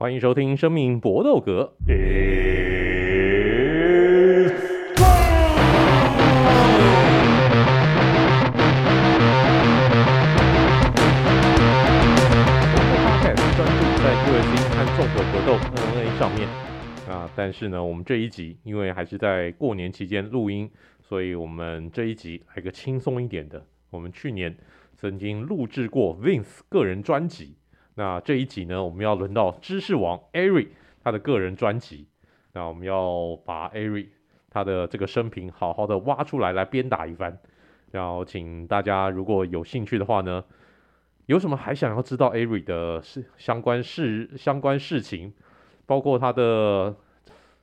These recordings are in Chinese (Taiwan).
歡迎收聽博《生命搏鬥格》。我們剛開始專注在 UFC 和綜合格鬥那一上面啊，但是呢，我們這一集因為還是在過年期間錄音，所以我們這一集來個輕鬆一點的。我們去年曾經錄製過 Vince 個人專輯。那這一集呢，我們要輪到知識王 Eric 他的個人專輯。那我們要把 Eric 他的這個生平好好的挖出來，來鞭打一番。然後，請大家如果有興趣的話呢，有什麼還想要知道 Eric 的事、相關事、相關事情，包括他的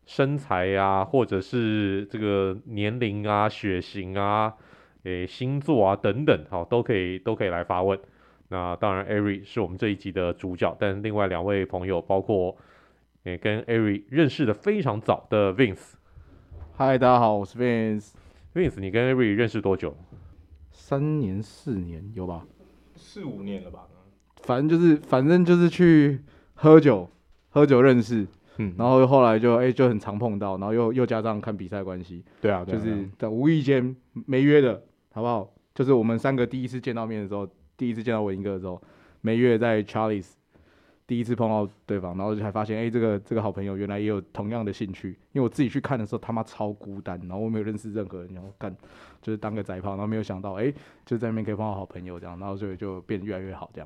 身材啊，或者是這個年齡啊、血型啊、誒、欸、星座啊等等，好、哦，都可以，都可以來發問。那當然，Eric 是我們這一集的主角，但另外兩位朋友，包括也跟 Eric 認識的非常早的 Vince。嗨，大家好，我是 Vince。Vince，你跟 Eric 認識多久？三年、四年有吧？四五年了吧？反正就是，反正就是去喝酒，喝酒認識，嗯，然後後來就哎、欸、就很常碰到，然後又又加上看比賽關係、啊。對啊，就是在、啊啊、無意間沒約的好不好？就是我們三個第一次見到面的時候。第一次見到文英哥的時候，每月在 Charles 第一次碰到對方，然後才發現，哎、欸，這個這個好朋友原來也有同樣的興趣。因為我自己去看的時候，他媽超孤單，然後我沒有認識任何人，然後幹就是當個宅炮，然後沒有想到，哎、欸，就在那邊可以碰到好朋友這樣，然後所以就變得越來越好這樣。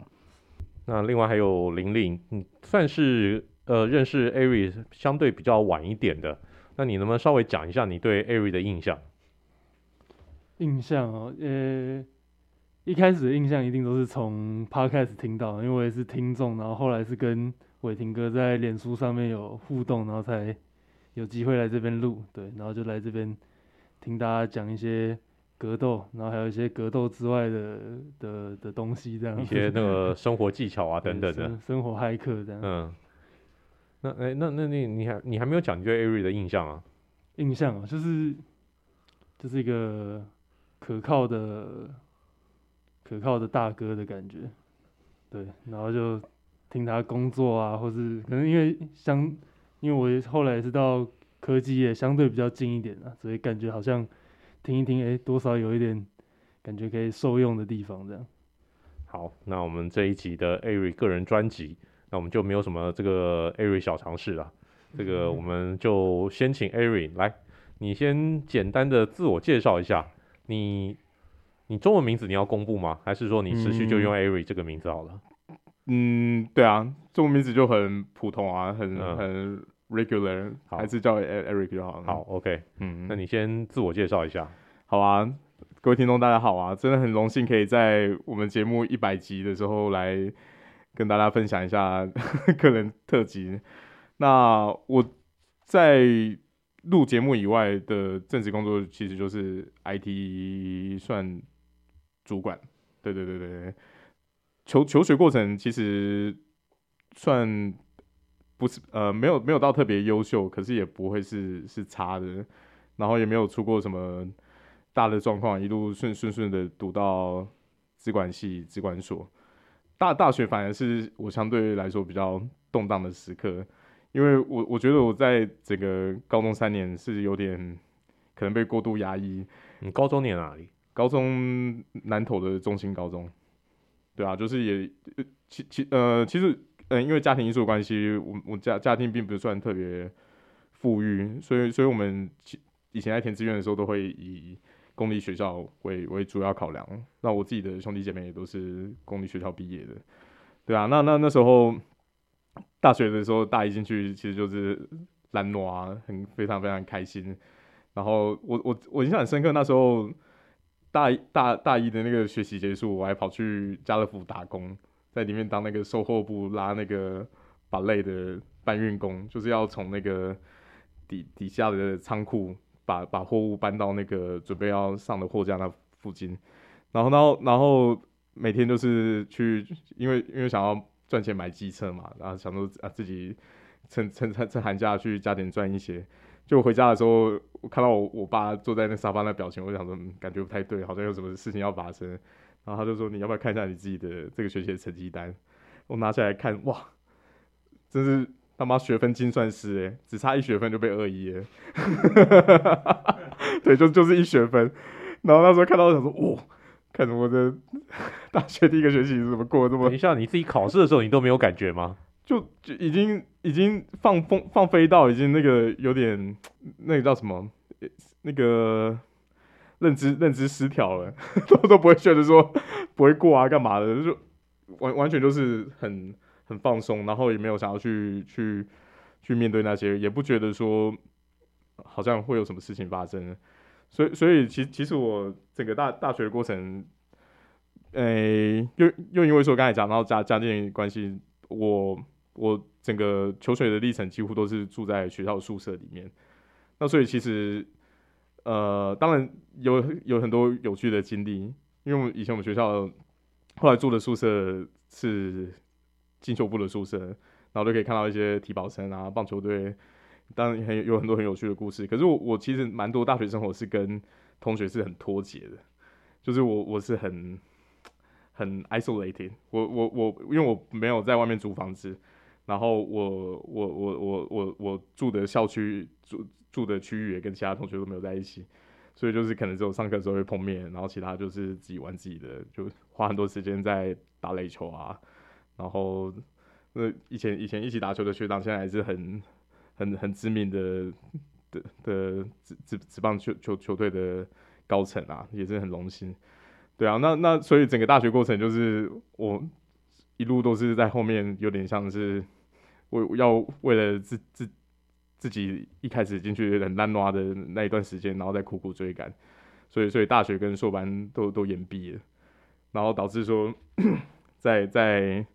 那另外還有玲玲，嗯，算是呃認識 Eric 相對比較晚一點的，那你能不能稍微講一下你對 Eric 的印象？印象哦，呃、欸。一開始的印象一定都是從 Podcast 聽到，因為我也是聽眾，然後後來是跟偉霆哥在臉書上面有互動，然後才有機會來這邊錄，對，然後就來這邊聽大家講一些格鬥，然後還有一些格鬥之外的的的東西，這樣一些那個生活技巧啊 對等等的，生活駭客這樣。嗯，那、欸、那那那你，你還你還沒有講你對艾瑞的印象啊？印象啊，就是就是一個可靠的。可靠的大哥的感覺，對，然後就聽他工作啊，或是可能因為相，因為我後來也是到科技業相對比較近一點啦，啊，所以感覺好像聽一聽，哎、欸，多少有一點感覺可以受用的地方這樣。好，那我們這一集的艾瑞個人專輯，那我們就沒有什麼這個艾瑞小常識了，這個我們就先請艾瑞來，你先簡單的自我介紹一下，你。你中文名字你要公布嗎？還是說你持續就用 Eric 這個名字好了？嗯，對啊，中文名字就很普通啊，很、嗯、很 regular，好還是叫 Eric 就好了。好，OK，嗯，那你先自我介紹一下，好啊，各位聽眾大家好啊，真的很榮幸可以在我們節目一百集的時候來跟大家分享一下呵呵個人特輯。那我在錄節目以外的正職工作其實就是 IT 算。主管，對對對對，求求學過程其實算不是呃沒有沒有到特別優秀，可是也不會是是差的，然後也沒有出過什麼大的狀況，一路順順順的讀到資管系資管所。大大學反而是我相對來說比較動盪的時刻，因為我我覺得我在整個高中三年是有點可能被過度壓抑。你、嗯、高中念哪裡？高中南投的中心高中，對啊，就是也，其其呃，其實，嗯，因為家庭因素關係，我我家家庭並不算特別富裕，所以所以我們以前在填志願的時候，都會以公立學校為為主要考量。那我自己的兄弟姐妹也都是公立學校畢業的，對啊，那那那時候大學的時候，大一進去其實就是藍娃，很非常非常開心。然後我我我印象很深刻，那時候。大一、大大一的那個學習結束，我還跑去家樂福打工，在裡面當那個售貨部拉那個把類的搬運工，就是要從那個底底下的倉庫把把貨物搬到那個準備要上的貨架那附近。然後，然後，然後每天都是去，因為因為想要賺錢買機車嘛，然後想說啊自己趁趁趁寒假去加點賺一些。就回家的時候，我看到我我爸坐在那沙發那表情，我就想說，嗯，感覺不太對，好像有什麼事情要發生。然後他就說：“你要不要看一下你自己的這個學期的成績單？”我拿起來看，哇，真是他媽學分精算師誒，只差一學分就被二一誒。 對，就就是一學分。然後那時候看到，我想說，哇，看我的大學第一個學期怎麼過得這麼一下……你像你自己考試的時候，你都沒有感覺嗎？就就已經已經放風放飛到已經那個有點那個叫什麼那個認知認知失調了，都都不會覺得說不會過啊幹嘛的，就完完全就是很很放鬆，然後也沒有想要去去去面對那些，也不覺得說好像會有什麼事情發生，所以所以其其實我整個大大學的過程，誒、欸，又又因為說剛才講到家家庭關係，我。我整個求學的歷程幾乎都是住在學校宿舍裡面，那所以其實，呃，當然有有很多有趣的經歷，因為我以前我們學校後來住的宿舍是進修部的宿舍，然後就可以看到一些體保生啊、棒球隊，當然有有很多很有趣的故事。可是我我其實蠻多大學生活是跟同學是很脫節的，就是我我是很很 isolating，我我我因為我沒有在外面租房子。然後我我我我我我住的校區住住的區域也跟其他同學都沒有在一起，所以就是可能只有上課的時候會碰面，然後其他就是自己玩自己的，就花很多時間在打壘球啊。然後那以前以前一起打球的學長現在還是很很很知名的的的職職職棒球球球隊的高層啊，也是很榮幸。對啊，那那所以整個大學過程就是我一路都是在後面，有點像是。我要為了自自自己一開始進去很爛挖的那一段時間，然後再苦苦追趕，所以所以大學跟碩班都都延畢了，然後導致說在在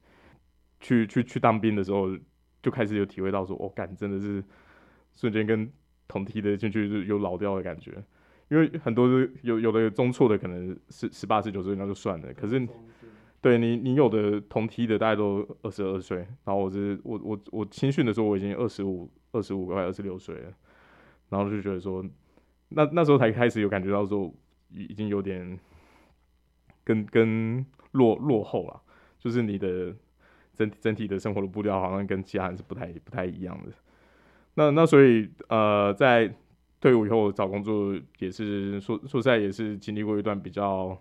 去去去當兵的時候，就開始有體會到說，我、哦、幹真的是瞬間跟同梯的進去有老掉的感覺，因為很多有有的中輟的可能十十八十九歲那就算了，可是。對你，你有的同梯的大概都二十二歲，然後我是我我我青訓的時候我已經二十五、二十五快二十六歲了，然後就覺得說，那那時候才開始有感覺到說，已已經有點跟跟落落後了，就是你的整整體的生活的步調好像跟其他人是不太不太一樣的。那那所以呃，在退伍以後找工作也是說說實在也是經歷過一段比較。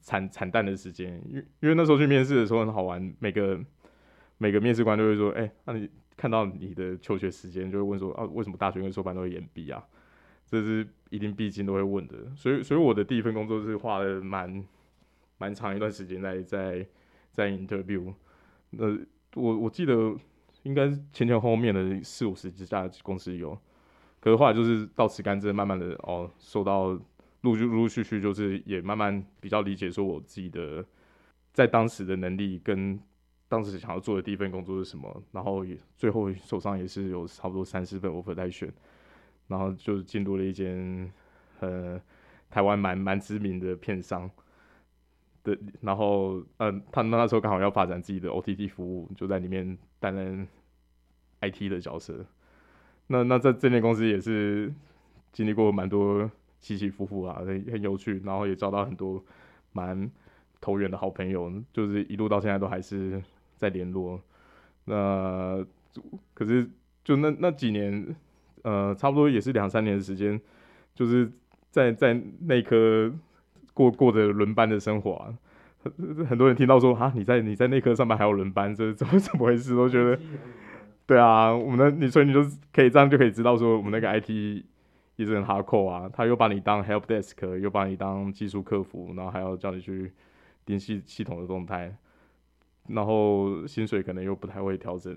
慘慘淡的時間，因為因為那時候去面試的時候很好玩，每個每個面試官都會說，哎、欸，那、啊、你看到你的求學時間，就會問說，啊，為什麼大學跟碩班都會延畢啊？這是一定必經都會問的，所以所以我的第一份工作是花了蠻蠻長一段時間在在在 interview，那我我記得應該前前後後面的四五十家公司有，可是後來就是倒吃甘蔗慢慢的哦受到。陸陸續續，就是也慢慢比較理解，說我自己的在當時的能力跟當時想要做的第一份工作是什麼，然後也最後手上也是有差不多三四份 offer 在選，然後就進入了一間呃台灣蠻蠻知名的片商的，然後嗯、呃，他們那時候剛好要發展自己的 OTT 服務，就在裡面擔任 IT 的角色。那那在這間公司也是經歷過蠻多。起起伏伏啊，很有趣，然後也交到很多蠻投緣的好朋友，就是一路到現在都還是在聯絡。那可是就那那幾年，呃，差不多也是兩三年的時間，就是在在內科過過著輪班的生活啊。很多人聽到說啊，你在你在內科上班還要輪班，這怎麼怎麼回事？都覺得，對啊，我們的所以你就可以這樣就可以知道說我們那個 IT。一陣哈扣啊，他又把你當 help desk，又把你當技術客服，然後還要叫你去聯繫系統的動態，然後薪水可能又不太會調整，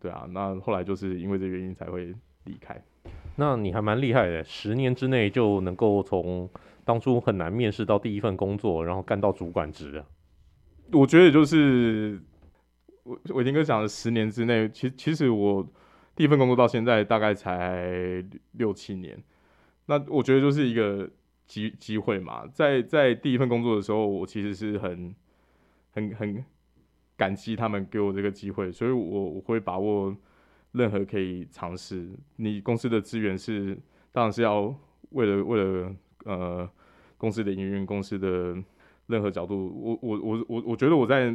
對啊，那後來就是因為這原因才會離開。那你還蠻厲害的，十年之內就能夠從當初很難面試到第一份工作，然後幹到主管職的。我覺得就是我我聽哥講的十年之內，其其實我第一份工作到現在大概才六七年。那我覺得就是一個機機會嘛，在在第一份工作的時候，我其實是很很很感激他們給我這個機會，所以我，我我會把握任何可以嘗試。你公司的資源是，當然是要為了為了呃公司的營運、公司的任何角度。我我我我我覺得我在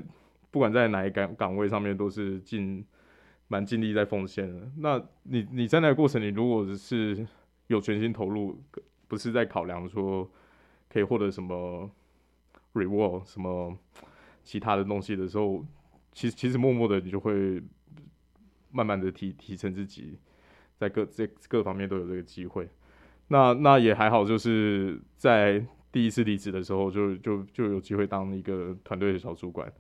不管在哪一崗崗位上面，都是盡蠻盡力在奉獻的。那你你在那個過程，你如果是。有全心投入，不是在考量說可以獲得什麼 reward，什麼其他的東西的時候，其實其實默默的你就會慢慢的提提升自己，在各這各方面都有這個機會。那那也還好，就是在第一次離職的時候就，就就就有機會當一個團隊的小主管，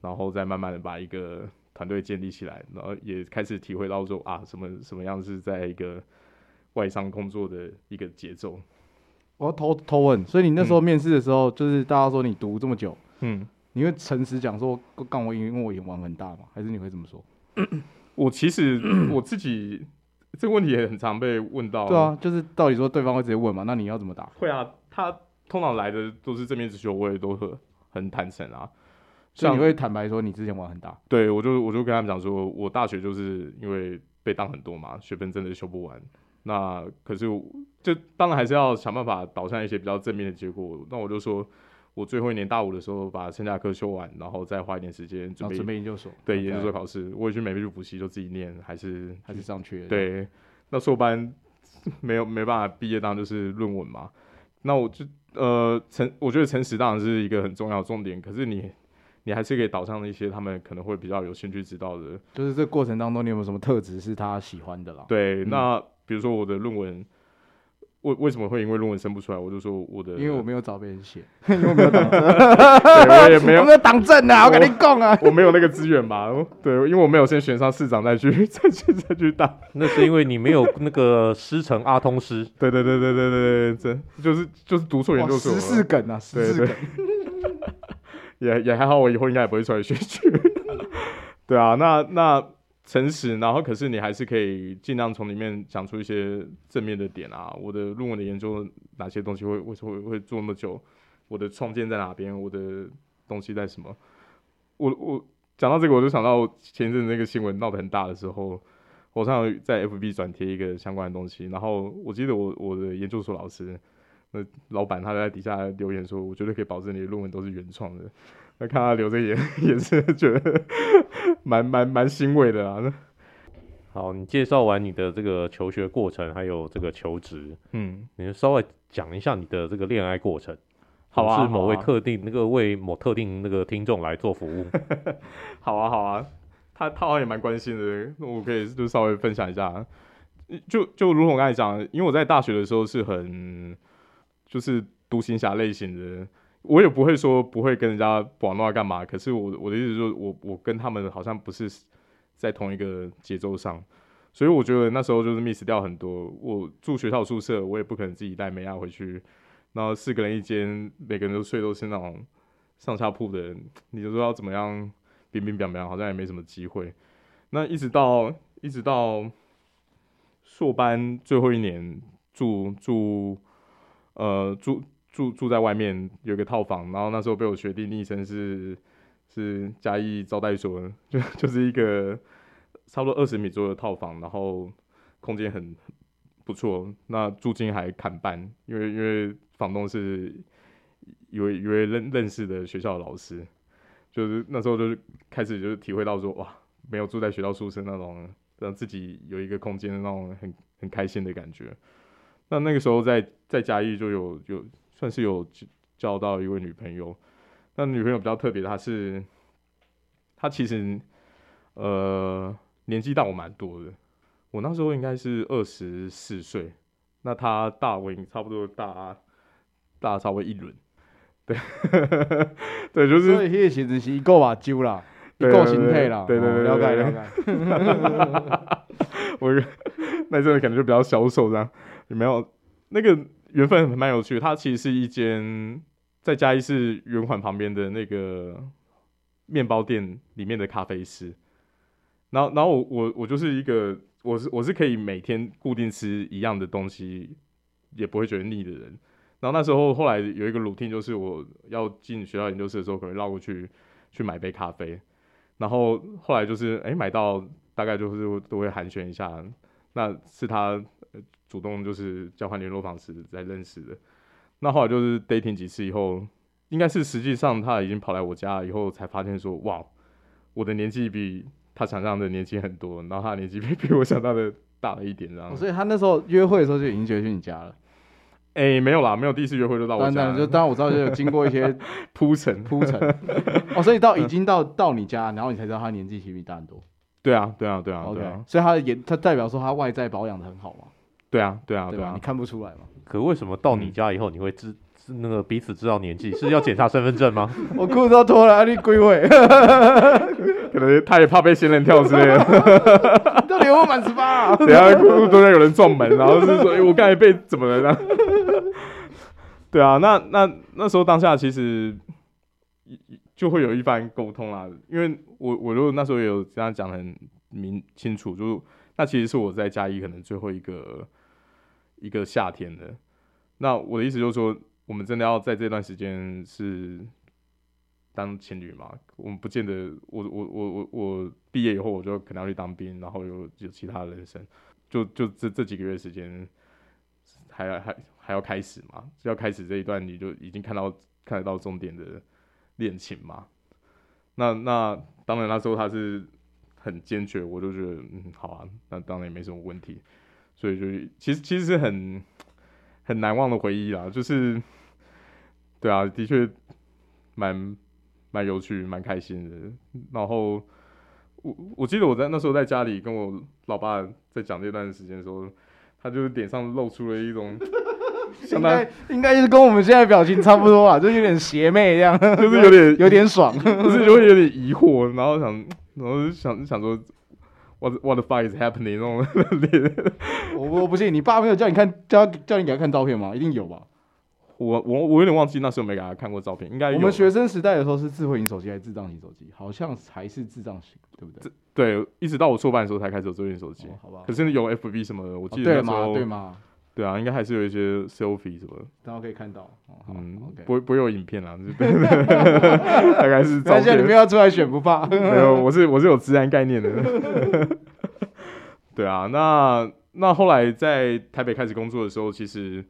然後再慢慢的把一個團隊建立起來，然後也開始體會到說啊，什麼什麼樣子在一個。外商工作的一個，節奏，我要偷偷問，所以你那時候面試的時候，嗯、就是大家說你讀這麼久，嗯，你會誠實講說，剛我因為我也玩很大嘛，還是你會怎麼說？我其實我自己這個問題也很常被問到，對啊，就是到底說對方會直接問嘛？那你要怎麼答？會啊，他通常來的都是這面只求我也都很很坦誠啊，所以你會坦白說你之前玩很大，對我就我就跟他們講說，我大學就是因為被當很多嘛，學分真的修不完。那可是我，就當然還是要想辦法導向一些比較正面的結果。那我就說，我最後一年大五的時候把剩下課修完，然後再花一點時間準備、啊、準備研究所。對，研究所考試，我也去美利度補習，就自己念，還是還是上學。對，嗯、那碩班沒有沒辦法畢業當就是論文嘛。那我就呃，成我覺得誠實當然是一個很重要的重點，可是你你還是可以導向一些他們可能會比較有興趣知道的，就是這過程當中你有沒有什麼特質是他喜歡的啦？對，那。嗯比如說我的論文，為為什麼會因為論文生不出來？我就說我的，因為我沒有找別人寫， 因為我沒有黨證， 我也沒有，沒有黨證啊！我，我跟你講啊，我沒有那個資源嘛。對，因為我沒有先選上市長再去，再再再去當。 那是因為你沒有那個師承阿通師。對對 對對對對對，這就是就是讀錯研究所有有。時事梗啊，時事梗。也也還好，我以後應該也不會出來選舉。 對啊，那那。誠實，然後可是你還是可以尽量從裡面講出一些正面的點啊。我的論文的研究哪些東西會會會做那麼久？我的創建在哪邊？我的東西在什麼？我我講到這個，我就想到前一陣子那個新聞鬧得很大的時候，我上在 FB 轉貼一個相關的東西，然後我記得我我的研究所老師，那老板他在底下留言說，我絕對可以保證你的論文都是原創的。來看他留着眼，也是覺得蠻蠻蠻欣慰的啊。好，你介紹完你的這個求學過程，還有這個求職，嗯，你就稍微講一下你的這個戀愛過程。好啊，是某位特定、那個啊啊、那個為某特定那個聽眾來做服務。 好啊，好啊，他他好像也蠻關心的，那我可以就稍微分享一下。就就如同我跟你講，因為我在大學的時候是很就是獨行俠類型的。我也不會說不會跟人家廣東幹嘛，可是我我的意思說，我我跟他們好像不是在同一個節奏上，所以我覺得那時候就是 miss 掉很多。我住學校宿舍，我也不可能自己帶美亞回去，然後四個人一間，每個人都睡都是那種上下鋪的人，你就知道怎麼樣，冰冰邊邊，好像也沒什麼機會。那一直到一直到碩班最後一年住住呃、住。呃、住住住在外面有個，套房，然後那時候被我學弟昵稱是是嘉義招待所，就就是一個差不多二十米左右的套房，然後空間很不錯，那租金還砍半，因為因為房東是有有一位認認識的學校的老師，就是那時候就是開始就是體會到說哇，沒有住在學校宿舍那種讓自己有一個空間的那種很很開心的感覺，那那個時候在在嘉義就有有。算是有交到一位女朋友，那女朋友比較特別，她是她其實呃年紀大我蠻多的，我那時候應該是二十四歲，那她大我應該差不多大大差不多一輪，對 對，就是因為其實是一個吧，酒啦，一個形態啦，對對對，了解了解，我那陣感覺就比較消瘦，這樣有沒有那個？緣分蠻有趣的，它其實是一間在嘉義市圓環旁邊的那個麵包店裡面的咖啡師。然後，然後我我我就是一個，我是我是可以每天固定吃一樣的東西，也不會覺得膩的人。然後那時候後來有一個 routine，就是我要進學校研究室的時候，可能繞過去去買杯咖啡。然後後來就是，哎、欸，買到大概就是都會寒暄一下，那是他主動就是交換聯絡方式來認識的，那後來就是 dating 幾次以後，應該是實際上他已經跑來我家以後，才發現說，哇，我的年紀比他想象的年輕很多，然後他的年紀比比我想象的大了一點這樣。然後、哦，所以他那時候約會的時候就已經決定去你家了？哎、欸，沒有啦，沒有第一次約會就到我家，就當然我知道就有經過一些鋪陳鋪陳。鋪陳 哦，所以到已經到 到你家，然後你才知道他年紀其實比你大很多？對啊對啊對啊對啊。OK，所以他也，他代表說他外在保養的很好嘛。對啊，對啊，對啊，你看不出來嗎？可為什麼到你家以後你會知、嗯、那個彼此知道年紀？是要檢查身份證嗎？ 我褲子都脫了，你歸位。 可能他也怕被仙人跳之類的。 到底有沒有滿十八？等下突然有人撞門，然後就是說：“欸、我剛才被怎麼了？” 對啊，那那那時候當下其實就會有一番溝通啦，因為我我如果那時候也有這樣講很明清楚，就那其實是我在家裡可能最後一個。一個夏天的，那我的意思就是說，我們真的要在這段時間是當情侶嘛？我們不見得我，我我我我我畢業以後，我就可能要去當兵，然後有有其他人生，就就這這幾個月的時間，還還還要開始嘛？就要開始這一段你就已經看到看得到終點的戀情嘛？那那當然那時候他是很堅決，我就覺得嗯，好啊，那當然也沒什麼問題。所以就其實其實是很很難忘的回憶啦，就是對啊，的確蠻蠻有趣，蠻開心的。然後我我記得我在那時候在家裡跟我老爸在講這段時間的時候，他就是臉上露出了一種相當 應，應該應該是跟我們現在的表情差不多吧， 就，就是有點邪魅一樣，就是有點有點爽，就是就有點疑惑，然後想然後就想想說。What the fuck is happening？那 種，我我不信，你爸沒有叫你看，叫叫你給他看照片嗎？一定有吧。我我我有點忘記，那時候沒給他看過照片，應該我們學生時代的時候是智慧型手機還是智障型手機？好像還是智障型，對不對？對，一直到我初班的時候才開始有智慧型手機、哦，好吧？可是有 FB 什麼的，我記得、哦、嗎那時候。對嗎？對嗎？對啊，應該還是有一些 selfie 什麼的，但我可以看到，哦、嗯，okay、不不有影片啦，這 大概是。在線，裡面要出來選不怕？ 沒有，我是我是有治安概念的。 對啊，那那後來在台北開始工作的時候，其實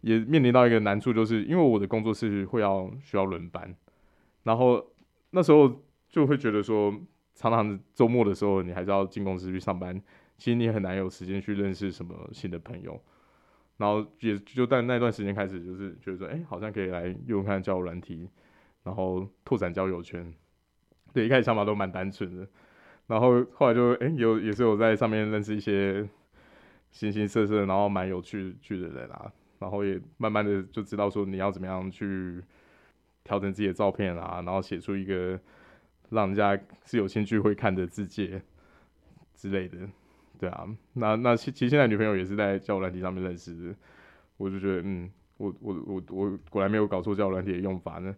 也面臨到一個難處，就是因為我的工作是會要需要輪班，然後那時候就會覺得說，常常周末的時候你還是要進公司去上班，其實你很難有時間去認識什麼新的朋友。然後也就在那段時間開始，就是覺得說，哎、欸,好像可以來用看交友軟體，然後拓展交友圈。對，一開始想法都蠻單純的，然後後來就，哎、欸，也有也是有在上面認識一些形形色色，然後蠻有趣趣的人啊。然後也慢慢的就知道說，你要怎麼樣去調整自己的照片啊，然後寫出一個讓人家是有興趣會看的自介之類的。對啊，那那其其實現在女朋友也是在交友軟體上面認識的，我就覺得嗯，我我我我果然沒有搞錯交友軟體的用法呢。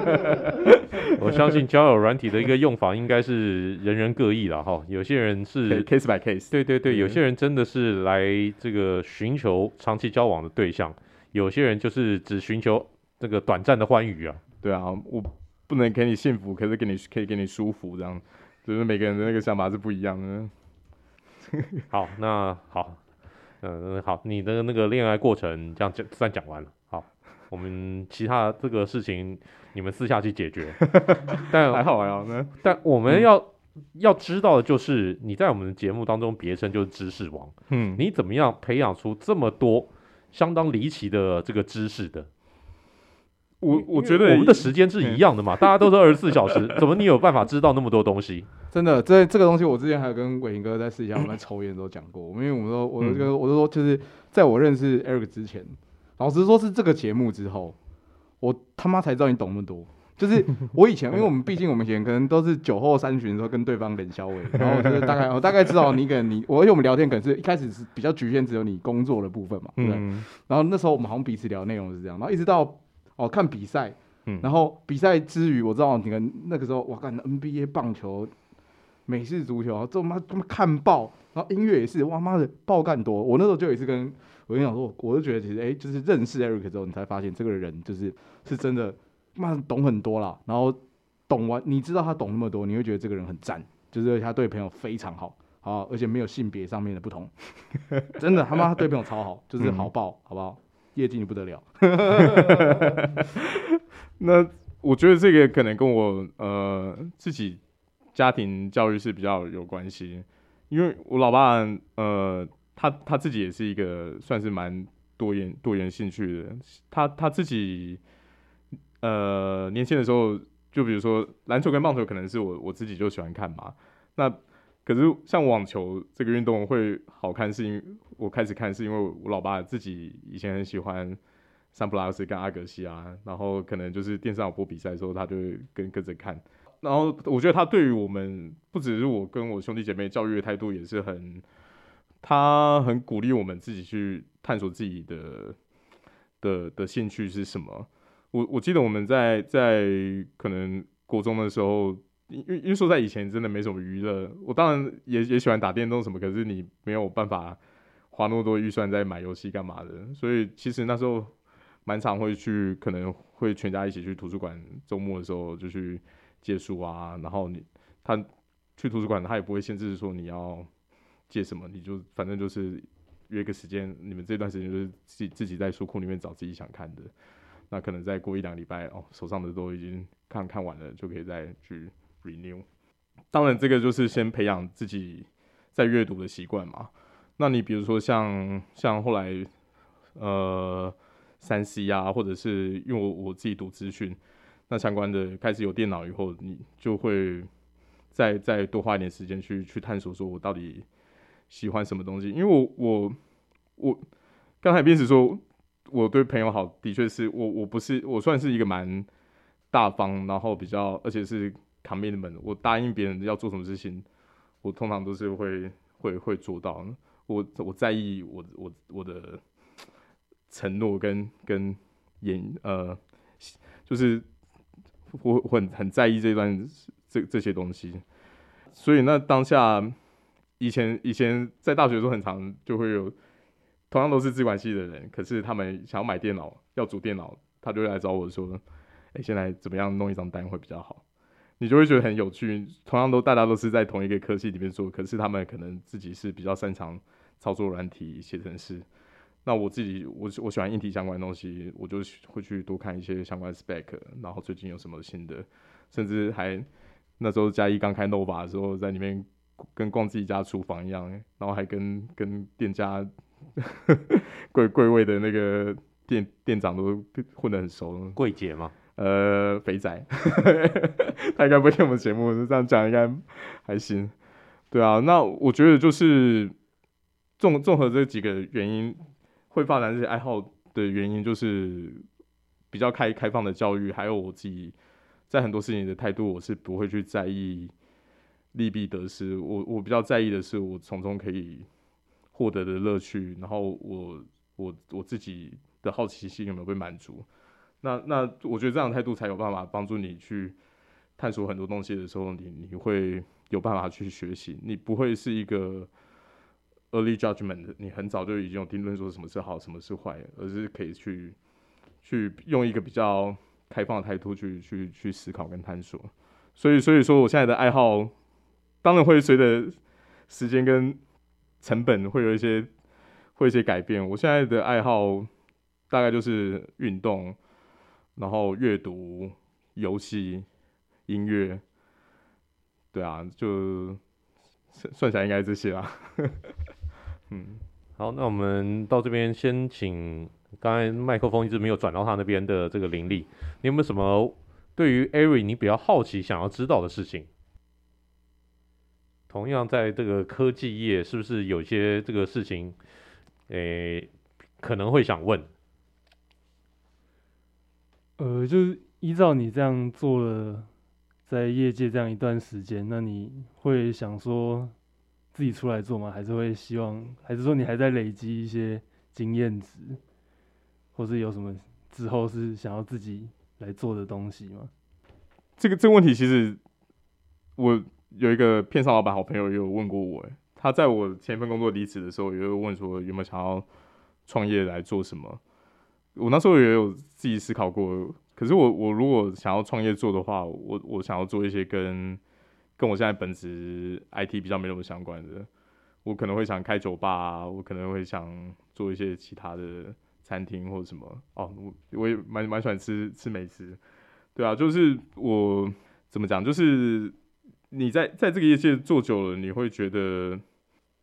我相信交友軟體的一個用法應該是人人各異了哈，有些人是 case by case，對對對，嗯、有些人真的是來這個尋求長期交往的對象，有些人就是只尋求這個短暫的歡愉啊。對啊，我不能給你幸福，可是給你可以給你舒服，這樣就是每個人的那個想法是不一樣的。 好，那好，嗯，好，你的那個戀愛過程這樣講算講完了。好，我們其他這個事情，你們私下去解決。 但還好，還好呢。但我們要、嗯、要知道的就是，你在我們的節目當中別稱就是知識王。嗯，你怎麼樣培養出這麼多相當離奇的這個知識的？我我覺得我們的時間是一樣的嘛，因為 大家都是二十四小時。 怎麼你有辦法知道那麼多東西？真的，這這個東西我之前還有跟偉霆哥在私下我們在抽煙的時候講過， 因為我們說，我跟我就說，就是在我認識 Eric 之前，老實說是這個節目之後，我他媽才知道你懂那麼多。就是我以前，因為我們畢竟我們以前可能都是酒後三巡的時候跟對方冷笑會，然後就是大概我大概知道你可能你，我而且我們聊天可能是一開始是比較局限，只有你工作的部分嘛， 對。然後那時候我們好像彼此聊內容是這樣，然後一直到。哦，看比賽，嗯，然後比賽之餘，我知道你們那個時候，我看 NBA、棒球、美式足球，這媽他媽看爆，然後音樂也是，哇媽的爆幹多。我那時候就有一次跟，我跟你講說，我就覺得其實哎，就是認識 Eric 之後，你才發現這個人就是是真的媽懂很多啦。然後懂完，你知道他懂那麼多，你會覺得這個人很讚，就是他對朋友非常好，好、啊，而且沒有性別上面的不同，真的他媽他對朋友超好，就是好爆，嗯、好不好？業績你不得了， 那我覺得這個可能跟我呃自己家庭教育是比較有關係，因為我老爸呃他他自己也是一個算是蠻多元多元興趣的，他他自己呃年輕的時候就比如說籃球跟棒球可能是我我自己就喜歡看嘛，那。可是像網球這個運動會好看，是因為我開始看是因為我老爸自己以前很喜歡桑普拉斯跟阿格西啊，然後可能就是電視上播比賽的時候，他就會跟跟着看。然後我覺得他對於我們不只是我跟我兄弟姐妹教育的態度也是很，他很鼓勵我們自己去探索自己的的的興趣是什麼。我我記得我們在在可能國中的時候。因因為說在以前真的沒什麼娛樂，我當然也也喜歡打電動什麼，可是你沒有辦法花那麼多預算在買遊戲幹嘛的，所以其實那時候蠻常會去，可能會全家一起去圖書館，周末的時候就去借書啊。然後你他去圖書館，他也不會限制說你要借什麼，你就反正就是約個時間，你們這段時間就是自己自己在書庫裡面找自己想看的。那可能再過一兩禮拜哦，手上的都已經看看完了，就可以再去。renew，當然這個就是先培養自己在閱讀的習慣嘛。那你比如說像像後來呃三 C 啊，或者是因為我，我自己讀資訊，那相關的開始有電腦以後，你就會再再多花一點時間去去探索，說我到底喜歡什麼東西。因為我我我剛才斌子說我對朋友好的確是，我我不是我算是一個蠻大方，然後比較而且是。commitment，我答應別人要做什麼事情，我通常都是會會會做到。我我在意我我我的承諾跟跟言，呃，就是我很很在意這段這這些東西。所以那當下以前以前在大學的時候很常就會有，同樣都是資管系的人，可是他們想要買電腦，要組電腦，他就會來找我說：“哎、欸，現在怎麼樣弄一張單會比較好？”你就會覺得很有趣。同樣都，大家都是在同一個科系裡面做，可是他們可能自己是比較擅長操作軟體寫程式。那我自己，我我喜歡硬體相關的東西，我就會去多看一些相關 spec。然後最近有什麼新的，甚至還那時候嘉義剛開 nova 的時候，在裡面跟逛自己家廚房一樣，然後還跟跟店家櫃 櫃位的那個店店長都混得很熟。櫃姐嗎？呃，肥仔，呵呵，他應該不會聽我們節目，就這樣講應該還行。對啊，那我覺得就是綜綜合這幾個原因，會發展這些愛好的原因就是比較開開放的教育，還有我自己在很多事情的態度，我是不會去在意利弊得失，我我比較在意的是我從中可以獲得的樂趣，然後我我我自己的好奇心有沒有被滿足。那那，那我覺得這樣的態度才有辦法幫助你去探索很多東西的時候，你你會有辦法去學習，你不會是一個 early judgment，你很早就已經有定論，說什麼是好，什麼是壞，而是可以去去用一個比較開放的態度去去去思考跟探索。所以，所以說，我現在的愛好當然會隨着時間跟成本會有一些會有一些改變。我現在的愛好大概就是運動。然後閱讀、遊戲、音樂，對啊，就算算起來應該這些啦、啊。嗯，好，那我們到這邊先請，剛才麥克風一直沒有轉到他那邊的這個林立，你有沒有什麼對於 Eric 你比較好奇、想要知道的事情？同樣在這個科技業，是不是有些這個事情，誒，可能會想問？呃，就是依照你這樣做了，在業界這樣一段時間，那你會想說自己出來做嗎？還是會希望，還是說你還在累積一些經驗值，或是有什麼之後是想要自己來做的東西嗎？這個這個問題，其實我有一個片上老闆好朋友也有問過我，誒，他在我前一份工作離職的時候，也有問說有沒有想要創業來做什麼。我那時候也有自己思考過，可是我我如果想要創業做的話，我我想要做一些跟跟我現在本職 IT 比較沒什麼相關的，我可能會想開酒吧啊，我可能會想做一些其他的餐廳或者什麼哦，我我也蠻蠻喜歡吃吃美食，對啊，就是我怎麼講，就是你在在這個業界做久了，你會覺得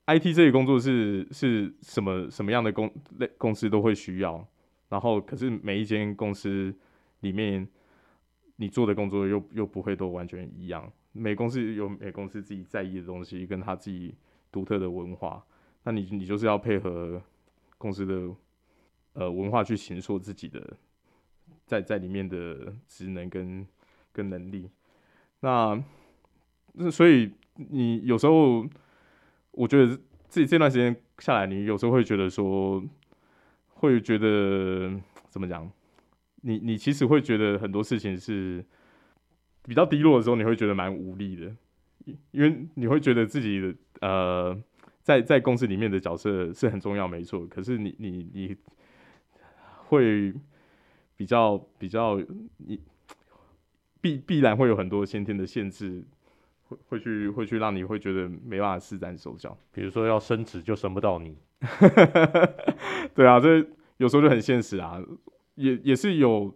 IT 這個工作是是什麼什麼樣的工類公司都會需要。然後，可是每一間公司裡面，你做的工作又又不會都完全一樣。每公司有每公司自己在意的東西，跟他自己獨特的文化。那你你就是要配合公司的呃文化去形塑自己的在在裡面的職能跟跟能力。那所以你有時候，我覺得自己這段時間下來，你有時候會覺得說。會覺得怎麼講？你你其實會覺得很多事情是比較低落的時候，你會覺得蠻無力的，因為你會覺得自己的呃，在在公司裡面的角色是很重要，沒錯。可是你你你會比較比較，你必必然會有很多先天的限制。會會去會去讓你會覺得沒辦法施展手腳，比如說要升職就升不到你， 對啊，這有時候就很現實啊，也也是有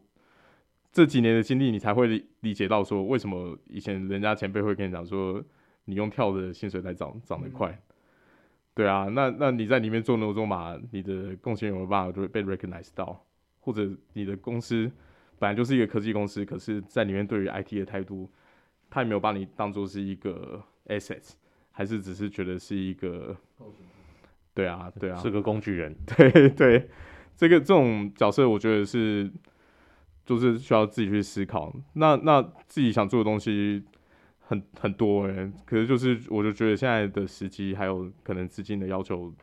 這幾年的經歷，你才會理解到說，為什麼以前人家前輩會跟你講說，你用跳的薪水來漲漲得快，嗯、對啊，那那你在裡面做牛做馬，你的貢獻有沒有辦法被被 recognize 到，或者你的公司本來就是一個科技公司，可是在裡面對於 IT 的態度。他也沒有把你當做是一個 assets 還是只是覺得是一個，對啊，對啊，是個工具人。對對，這個這種角色，我覺得是就是需要自己去思考。那那自己想做的東西很很多哎、欸，可是就是我就覺得現在的時機還有可能資金的要求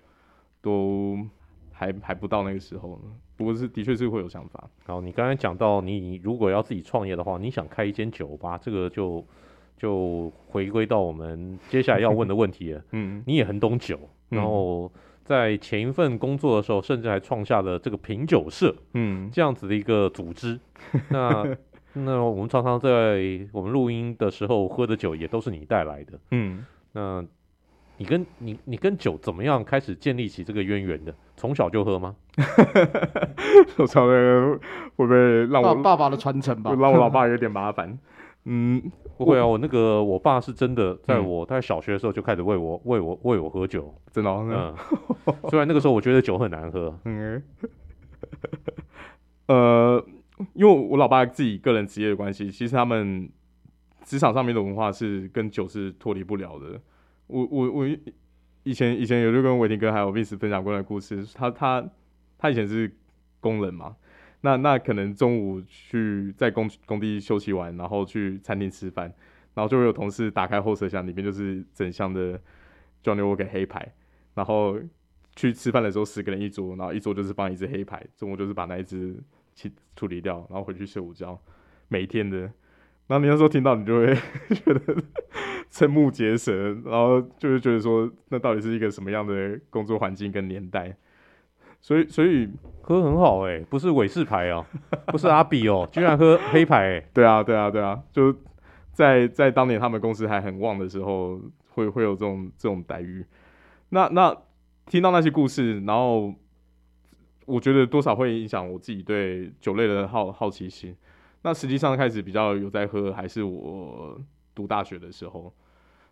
都還還不到那個時候呢。不過，我是的確是會有想法。然後你剛才講到，你如果要自己創業的話，你想開一間酒吧，這個就就回歸到我們接下來要問的問題了。 嗯，你也很懂酒，然後在前一份工作的時候，甚至還創下了這個品酒社，嗯，這樣子的一個組織。嗯、 那那我們常常在我們錄音的時候喝的酒也都是你帶來的。嗯，那。你跟你你跟酒怎麼樣開始建立起這個淵源的？從小就喝嗎？我操，會不會讓我爸爸的傳承吧， 讓我老爸有點麻煩。嗯，不會啊、喔，我那個我爸是真的，在我，嗯、在小學的時候就開始餵我餵我餵我喝酒，真的、喔。嗯， 雖然那個時候我覺得酒很難喝。嗯，Okay. 呃，因為我老爸自己個人職業的關係，其實他們職場上面的文化是跟酒是脫離不了的。我我我以前以前有就跟偉霆哥還有 Vince 分享過的故事，他他他以前是工人嘛，那那可能中午去在工工地休息完，然後去餐廳吃飯，然後就會有同事打開後車廂，裡面就是整箱的 Johnny Walker 黑牌，然後去吃飯的時候十個人一桌，然後一桌就是放一只黑牌，中午就是把那一只去處理掉，然後回去睡午覺，每一天的，然後你那時候聽到你就會覺得。瞠目結舌，然後就是覺得說，那到底是一個什麼樣的工作環境跟年代？所以，所以喝很好哎、欸，不是維士比哦、喔， 不是阿比哦、喔，居然喝黑牌、欸。 對啊，對啊，對啊，就在在當年他們公司還很旺的時候，會會有這種這種待遇。那那聽到那些故事，然後我覺得多少會影響我自己對酒類的好好奇心。那實際上開始比較有在喝，還是我，讀大學的時候，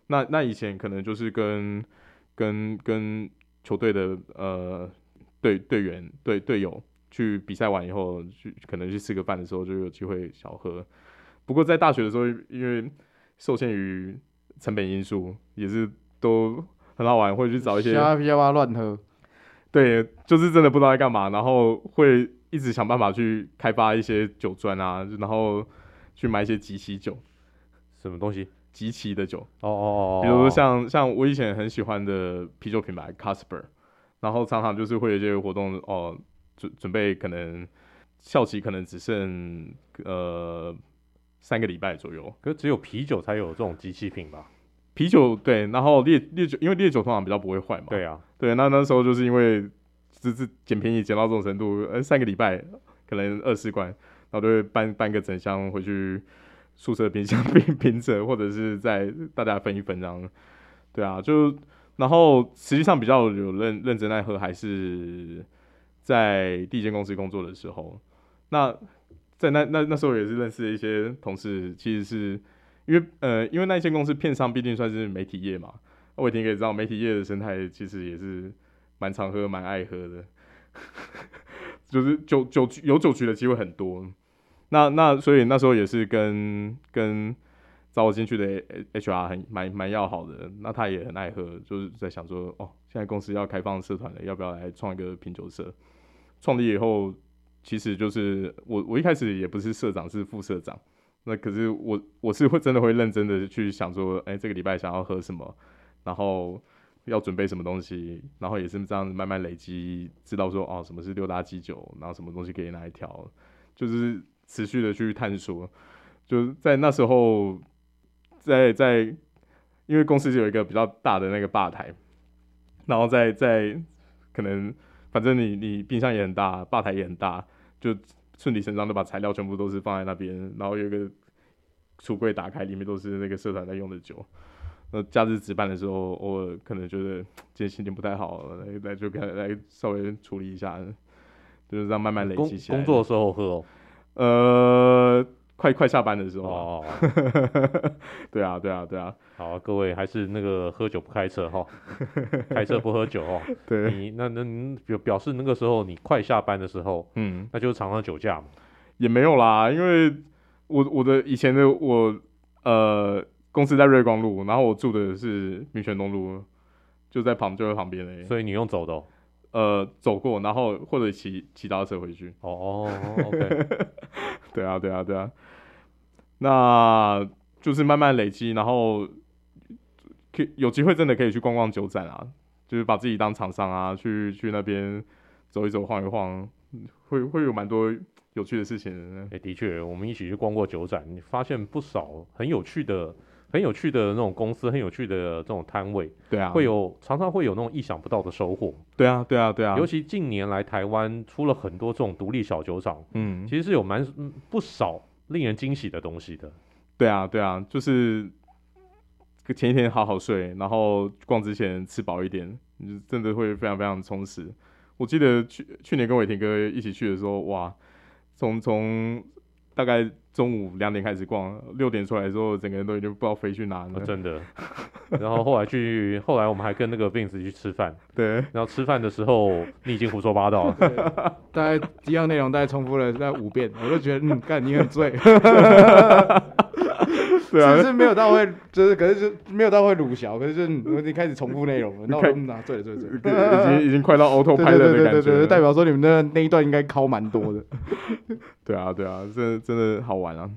那那以前可能就是跟跟跟球隊的呃隊隊員隊隊友去比賽完以後去可能去吃個飯的時候，就有機會小喝，不過在大學的時候，因為受限於成本因素，也是都很好玩，會去找一些瞎逼亂喝，對，就是真的不知道在幹嘛，然後會一直想辦法去開發一些酒磚啊，然後去買一些雞尾酒。什麼東西即期的酒哦哦哦、oh、比如像像我以前很喜歡的啤酒品牌 Casper，然後常常就是會有這些活動哦、喔，準準備可能效期可能只剩呃三個禮拜左右，可是只有啤酒才有這種即期品吧？啤酒對，然後烈烈酒因為烈酒通常比較不會壞嘛，對啊，對，那那時候就是因為只是撿便宜撿到這種程度，呃，三個禮拜可能二十罐，然後就會搬搬個整箱回去。宿舍冰箱平平分，或者是在大家分一分這樣，對啊，就然後實際上比較有認認真愛喝，還是在第一間公司工作的時候，那在那那那時候也是認識一些同事，其實是因為呃，因為那一間公司片商畢竟算是媒體業嘛，啊、我可以可也知道媒體業的生態其實也是蠻常喝、蠻愛喝的， 就是酒酒有酒局的機會很多。那那所以那時候也是跟跟招我進去的 HR 很蠻蠻要好的，那他也很愛喝，就是在想說哦，現在公司要開放社團了，要不要來創一個品酒社？創立以後，其實就是我我一開始也不是社長，是副社長。那可是我我是會真的會認真的去想說，哎、欸，這個禮拜想要喝什麼，然後要準備什麼東西，然後也是這樣慢慢累積，知道說哦，什麼是六大基酒，然後什麼東西可以拿來調，就是。持續的去探索，就在那時候，在在，因為公司有一個比較大的那個吧台，然後在在可能反正你你冰箱也很大，吧台也很大，就順理成章的把材料全部都是放在那邊，然後有一個櫥櫃打開，裡面都是那個社團在用的酒。那假日值班的時候，偶爾可能就是今天心情不太好，來來就來來稍微處理一下，就是這樣慢慢累積起來、嗯。工作的時候喝、喔。呃，快快下班的時候，oh, oh, oh. 對啊，對啊，對啊。好啊，各位還是那個喝酒不開車哈， 開車不喝酒哦， 對，你那那表表示那個時候你快下班的時候，嗯，那就是常常酒駕嘛。也沒有啦，因為我我的以前的我呃，公司在瑞光路，然後我住的是民權東路，就在旁就在旁邊，欸。所以你用走的哦？呃，走過，然後或者騎騎單車回去。哦，oh, okay. 對啊，對啊，對啊。那就是慢慢累積，然後可以有機會真的可以去逛逛酒展啊，就是把自己當廠商啊，去去那邊走一走，晃一晃，會會有蠻多有趣的事情的。哎、欸，的確，我們一起去逛過酒展，你發現不少很有趣的。很有趣的那種公司，很有趣的這種攤位，對啊，會有常常會有那種意想不到的收穫，對啊，對啊，對啊，尤其近年來台灣出了很多這種獨立小酒廠，嗯，其實是有蠻不少令人驚喜的東西的，對啊，對啊，就是前一天好好睡，然後逛之前吃飽一點，你真的會非常非常充實。我記得去去年跟偉霆哥一起去的時候，哇，從從大概。中午兩點開始逛，六點出來之後，整個人都已經不知道飛去哪了，啊。真的。 然後後來去，後來我們還跟那個 Vince 去吃飯。對。然後吃飯的時候，你已經胡說八道了，大概一樣內容大概重複了大概五遍，我都覺得嗯，幹你很醉。 可、啊、是沒有到會， 就是可是就沒有到會魯小，可是就你開始重複內容了，那嗯吶，對對對，已經已經快到 autopilot 的感覺，代表說你們那那一段應該考蠻多的。 對啊，對啊，真的真的好玩啊！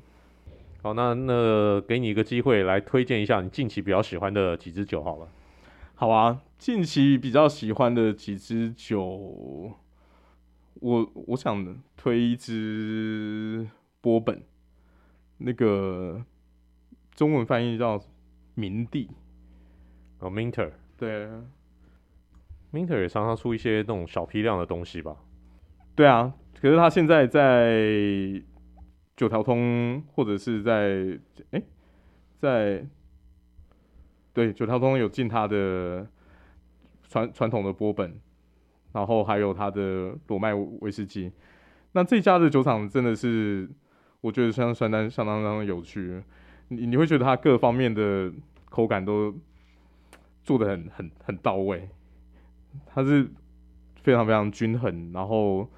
好，那那給你一個機會來推薦一下你近期比較喜歡的幾支酒好了。好啊，近期比較喜歡的幾支酒，我我想推一支波本，那個。中文翻譯叫明帝哦、oh,，Minter 對，Minter 也常常出一些那種小批量的東西吧。對啊，可是他現在在九條通或者是在誒、欸，在對九條通有進他的傳傳統的波本，然後還有他的裸麥威士忌。那這家的酒廠真的是我覺得相當相當相當有趣。你你會覺得它各方面的口感都做的很很很到位，它是非常非常均衡，然後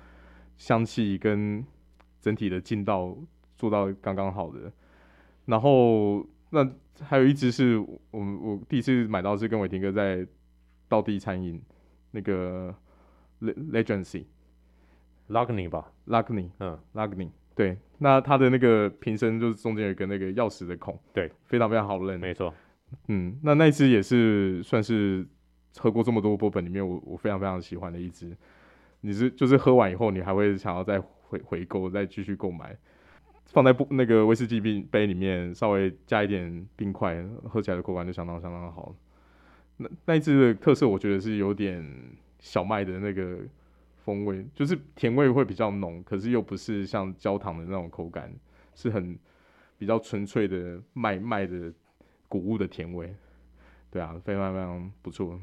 香氣跟整體的勁道做到剛剛好的，然後那還有一支是我我第一次買到是跟偉霆哥在道地餐飲那個 Legacy，Lagney 吧 Lagney 嗯 Lagney 對，那它的那個瓶身就是中間有一個那個鑰匙的孔，對，非常非常好認。沒錯，嗯，那那隻也是算是喝過這麼多波本裡面我，我我非常非常喜歡的一支。你是就是喝完以後，你還會想要再回回購，再繼續購買。放在不那個威士忌冰杯杯裡面，稍微加一點冰塊，喝起來的口感就相當相當好。那那一支的特色，我覺得是有點小麥的那個。風味就是甜味會比較濃，可是又不是像焦糖的那種口感，是很比較純粹的麥麥的穀物的甜味。對啊，非常非常不錯。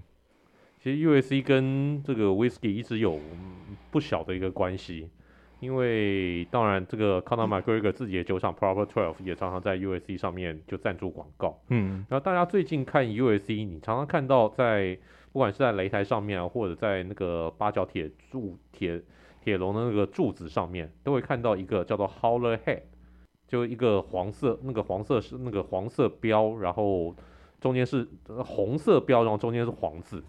其實 UFC 跟這個 whisky 一直有不小的一個關係，因為當然這個 Conor McGregor 自己的酒廠 Proper Twelve 也常常在 UFC 上面就贊助廣告。嗯，然後大家最近看 UFC，你常常看到在。不管是在擂台上面、啊，或者在那個八角鐵柱鐵鐵籠的那個柱子上面，都會看到一個叫做 Howler Head，就一個黃色那個黃色是那個黃色標，然後中間是、呃、紅色標，然後中間是黃字。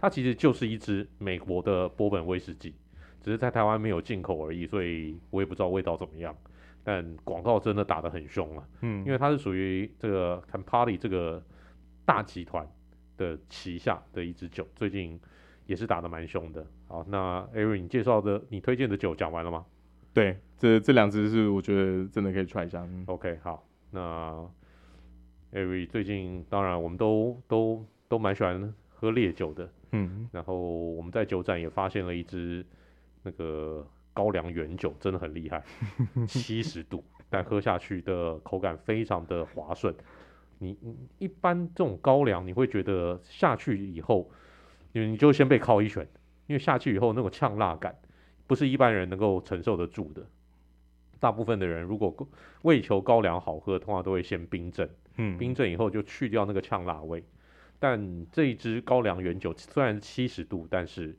它其實就是一支美國的波本威士忌，只是在台灣沒有進口而已，所以我也不知道味道怎麼樣。但廣告真的打得很凶啊，嗯，因為它是屬於這個 Campari 這個大集團。的旗下的一支酒，最近也是打得蠻凶的。好，那艾瑞，你介紹的你推薦的酒講完了嗎？對，這這兩支是我覺得真的可以 try 一下。嗯、OK，好，那艾瑞最近，當然我們都都都，都蠻喜歡喝烈酒的。嗯，然後我們在酒展也發現了一支那個高粱原酒，真的很厲害，七十 度，但喝下去的口感非常的滑順。你你一般這種高粱，你會覺得下去以後，你你就先被靠一拳，因為下去以後那種嗆辣感，不是一般人能夠承受得住的。大部分的人如果為求高粱好喝，通常都會先冰鎮，嗯，冰鎮以後就去掉那個嗆辣味。但這一支高粱原酒雖然七十度，但是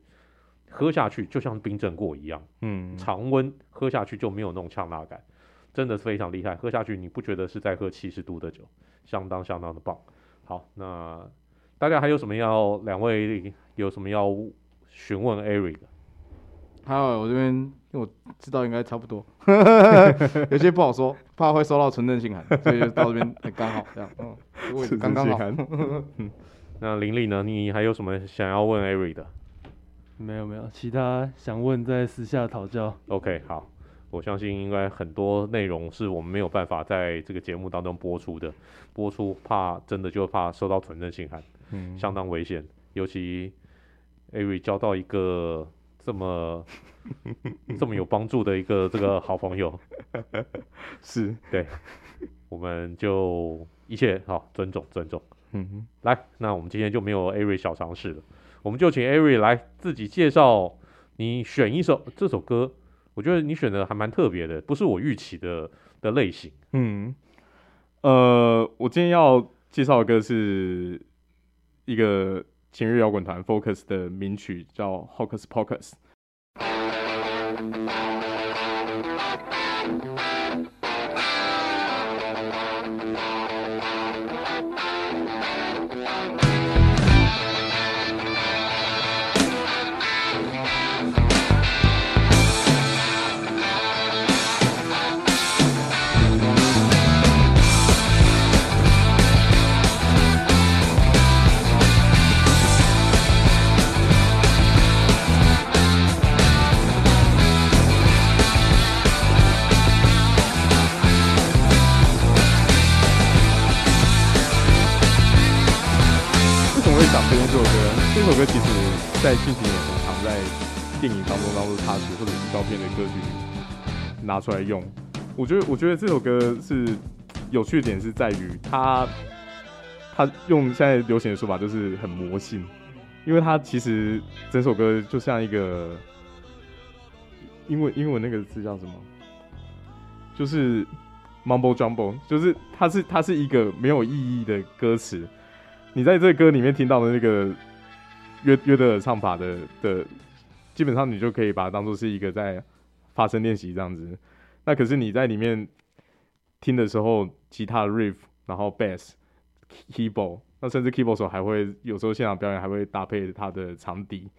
喝下去就像冰鎮過一樣，嗯，常溫喝下去就沒有那種嗆辣感。真的是非常厲害，喝下去你不覺得是在喝七十度的酒，相當相當的棒。好，那大家還有什麼要？兩位有什麼要詢問 Eric 的？還好，我這邊因為我知道應該差不多， 有些不好說，怕會收到存證信函， 所以就到這邊剛好這樣， 嗯，純剛性寒。剛剛好 那林立呢？你還有什麼想要問 Eric 的？沒有沒有，其他想問再私下討教。OK，好。我相信應該很多內容是我們沒有辦法在這個節目當中播出的，播出怕真的就怕收到存證信函，嗯，相當危險。尤其 Eric 交到一個這麼這麼有幫助的一個這個好朋友，是，對，我們就一切好，尊重尊重，嗯，來，那我們今天就沒有 Eric 小嘗試了，我們就請 Eric 來自己介紹，你選一首這首歌。我覺得你選的還蠻特別的，不是我預期的的類型。嗯，呃，我今天要介紹一個是一個前衛搖滾團 Focus 的名曲叫 Hocus Pocus，叫《h o c u s p o c u s 拿出來用，我覺得，我覺得這首歌是有趣的點是在於它，它用現在流行的說法就是很魔性，因為它其實整首歌就像一個英文英文那個詞叫什麼，就是 Mumble Jumble，就是它是它是一個沒有意義的歌詞，你在這歌裡面聽到的那個約約德爾唱法的的，基本上你就可以把它當做是一個在。發聲練習這樣子，那可是你在裡面聽的時候，吉他 riff，然後 bass，keyboard，那甚至 keyboard 手還會有時候現場表演，還會搭配他的長笛。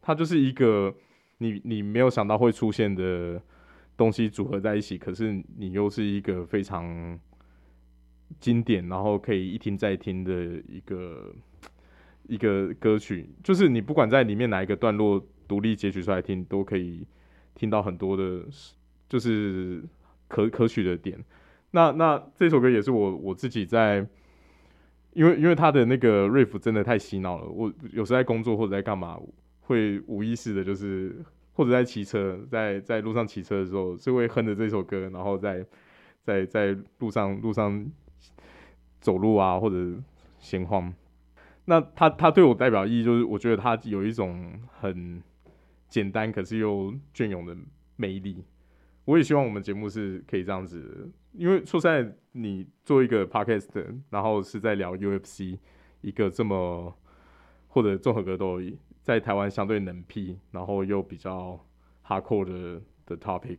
它就是一個你你沒有想到會出現的東西組合在一起，可是你又是一個非常經典，然後可以一聽再聽的一個一個歌曲，就是你不管在裡面哪一個段落獨立截取出來聽都可以。聽到很多的，就是可可取的點。那那這首歌也是我我自己在，因為因為他的那個 Riff 真的太洗腦了。我有時在工作或者在幹嘛，會無意識的，就是或者在騎車，在在路上騎車的時候，是會哼着這首歌，然後在在在路上路上走路啊，或者閒晃。那他他對我代表意義就是，我覺得他有一種很。簡單可是又雋永的魅力，我也希望我們節目是可以這樣子，因為說實在，你做一個 podcast，然後是在聊 UFC 一個這麼或者綜合格鬥在台灣相對冷僻，然後又比較 hardcore 的的 topic，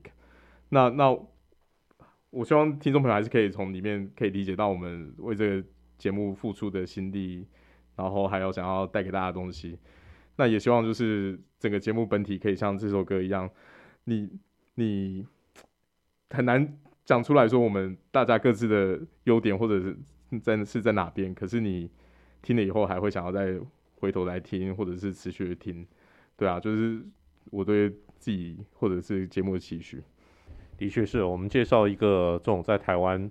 那那我希望聽眾朋友還是可以從裡面可以理解到我們為這個節目付出的心力，然後還有想要帶給大家的東西。那也希望就是整個節目本體可以像這首歌一樣，你你很難講出來說我們大家各自的優點或者是在是在哪邊，可是你聽了以後還會想要再回頭來聽或者是持續的聽。對啊，就是我對自己或者是節目的期許，的確是我們介紹一個這種在台灣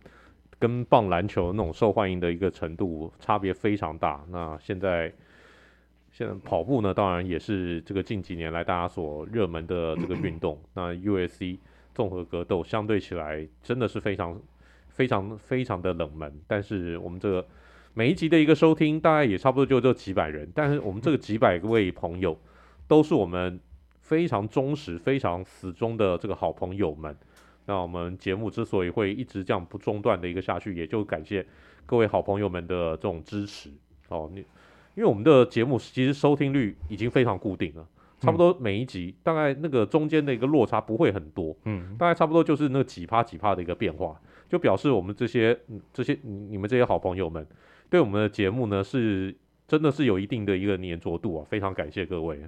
跟棒籃球那種受歡迎的一個程度差別非常大，那現在。現在跑步呢，當然也是這個近幾年來大家所熱門的這個運動。 那 USC 綜合格鬥相對起來真的是非常、非常、非常的冷門。但是我們這個每一集的一個收聽，大概也差不多就這幾百人。但是我們這個幾百個位朋友都是我們非常忠實、非常死忠的這個好朋友們。那我們節目之所以會一直這樣不中斷的一個下去，也就感謝各位好朋友們的這種支持哦。你。因為我們的節目其實收聽率已經非常固定了，差不多每一集、嗯、大概那個中間的一個落差不會很多，嗯，大概差不多就是那幾趴幾趴的一個變化，就表示我們這些這些你們這些好朋友們對我們的節目呢是真的是有一定的一個粘着度啊，非常感謝各位。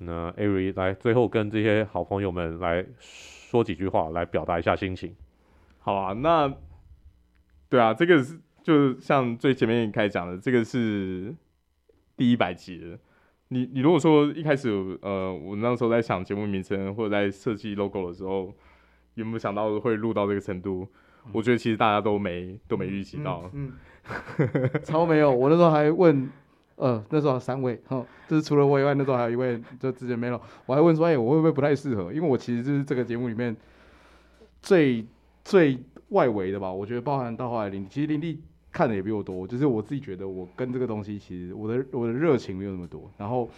那 Eric 來最後跟這些好朋友們來說幾句話，來表達一下心情，好啊，那對啊，這個是。就像最前面一開始講的，這個是第一百集了。你你如果說一開始，呃，我那時候在想節目名稱或者在設計 logo 的時候，有沒有想到會錄到這個程度？我覺得其實大家都沒、嗯、都沒預期到、嗯嗯呵呵，超沒有。我那時候還問， 呃，那時候三位，哈，就是除了我以外，那時候還有一位，就之前沒了。我還問說，哎、欸，我會不會不太適合？因為我其實就是這個節目裡面最最外圍的吧？我覺得包含到後來林，其實林立。看的也比我多，就是我自己覺得我跟這個東西其實我的我的熱情沒有那麼多，然後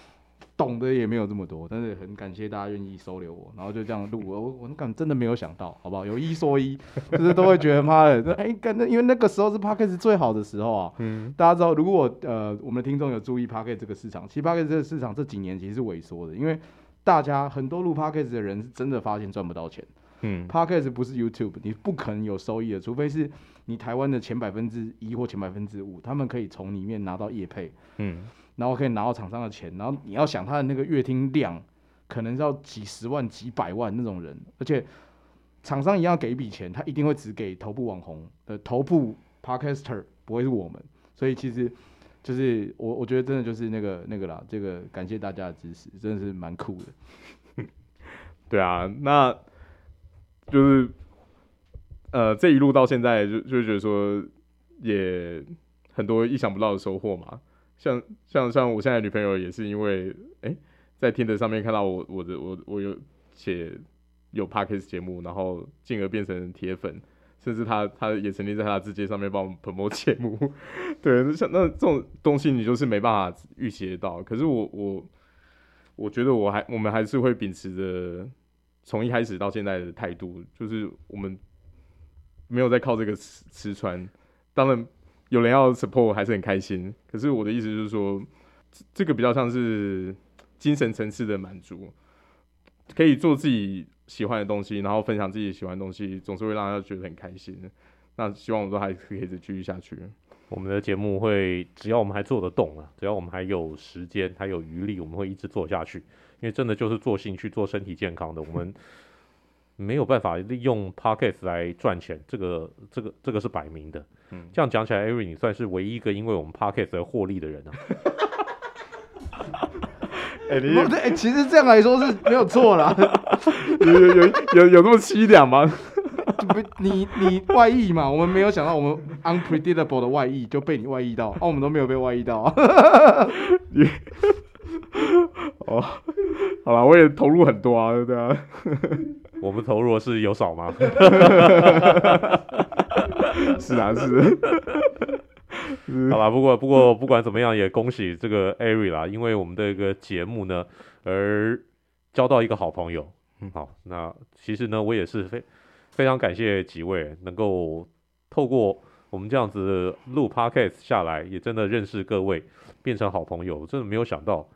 懂的也沒有這麼多，但是很感謝大家願意收留我，然後就這樣錄，我我我感真的沒有想到，好不好？有一說一，就是都會覺得媽的，哎、 欸，幹，那因為那個時候是 podcast 最好的時候啊。嗯。大家知道，如果呃，我們的聽眾有注意 podcast 這個市場，其實 podcast 這個市場這幾年其實是萎縮的，因為大家很多錄 podcast 的人是真的發現賺不到錢。嗯。podcast 不是 YouTube，你不可能有收益的，除非是。你台灣的前百分之一或前百分之五，他們可以從裡面拿到業配，嗯，然後可以拿到廠商的錢，然後你要想他的那個月聽量，可能是要幾十萬、幾百萬那種人，而且廠商一樣給一筆錢，他一定會只給頭部網紅的、呃、頭部 Podcaster，不會是我們，所以其實就是我我覺得真的就是那個那個啦，這個感謝大家的支持，真的是蠻酷的。 對啊，那就是。呃，這一路到現在就，就就覺得說也很多意想不到的收穫嘛。像像像，像我現在的女朋友也是因為哎、欸，在 Tinder 上面看到我我的我我有寫有 Podcast 節目，然後進而變成鐵粉，甚至她她也曾經在她自己上面幫我們 promote 節目。 對，像那這種東西，你就是沒辦法預期得到。可是我我我覺得我還我們還是會秉持着從一開始到現在的態度，就是我們沒有在靠這個吃吃穿，當然有人要 support 還是很開心。可是我的意思就是說，這個比較像是精神層次的滿足，可以做自己喜歡的東西，然後分享自己喜歡的東西，總是會讓大家覺得很開心。那希望我們都還可以一直繼續下去。我們的節目會，只要我們還做得動啊，只要我們還有時間還有餘力，我們會一直做下去。因為真的就是做興趣、做身體健康的我們。沒有辦法利用 Podcast 來賺錢，這個、這個、這個是擺明的。嗯，這樣講起來，Eric 你算是唯一一個因為我們 Podcast 而獲利的人啊。對，其實這樣來說是沒有錯啦。 有有有有有那麼淒涼嗎？ 你你外溢嘛，我們沒有想到我們 unpredictable 的外溢就被你外溢到，啊，我們都沒有被外溢到，啊。 哦，好了，我也投入很多啊，對啊。 我們投入是有少嗎？ 是啊，是。 是好啦，不過，不過，不管怎麼樣，也恭喜這個 Eric 啦，因為我們的一個節目呢，而交到一個好朋友。好，那其實呢，我也是非非常感謝幾位能夠透過我們這樣子錄 podcast 下來，也真的認識各位，變成好朋友，真的沒有想到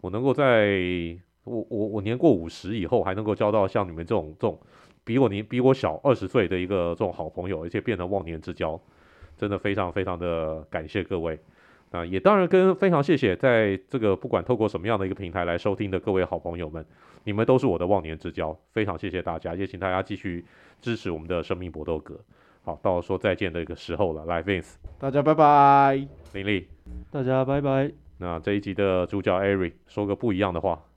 我能夠在。我我我年過五十以後，還能夠交到像你們這種這種比我年比我小二十歲的一個這種好朋友，而且變成忘年之交，真的非常非常的感謝各位。那也當然跟非常謝謝，在這個不管透過什麼樣的一個平台來收聽的各位好朋友們，你們都是我的忘年之交，非常謝謝大家，也請大家繼續支持我們的生命搏鬥格。好，到說再見的一個時候了，來 Vince，大家拜拜，林立，大家拜拜。那這一集的主角 Eric 說個不一樣的話。